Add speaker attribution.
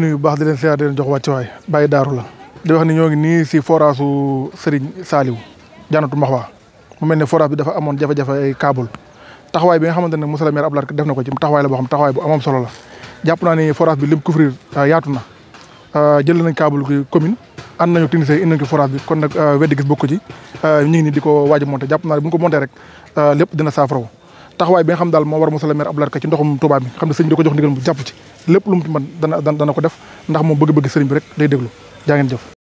Speaker 1: nuyu baax di leen siyaar di leen jox wàcc waay bàyyi daaru la di wax ni ñoo ngi nii si forage su Serigne Saliou Jannatul Mahwa mu mel ne forage bi dafa amoon jafe-jafe ay câble taxawaay bi nga xamante ne monsieur le maire Abdoulaye def na ko ci taxawaay la boo amoon solo la jàpp naa ne forage bi lim ah, ah, ko forage bi ah, nii di ko waaj a monté naa ne bu ko monté rek lépp dina saafaraw taxawaay bi nga xam daal moo war monsieur le maire ci ndoxum Touba bi xam ne sëñ bi da ko jox ndigal mu jàpp ci lépp lu mu ci man dana ko def ndax moom bëgg-bëgg sëriñ bi rek day déglu jaa ngeen jëf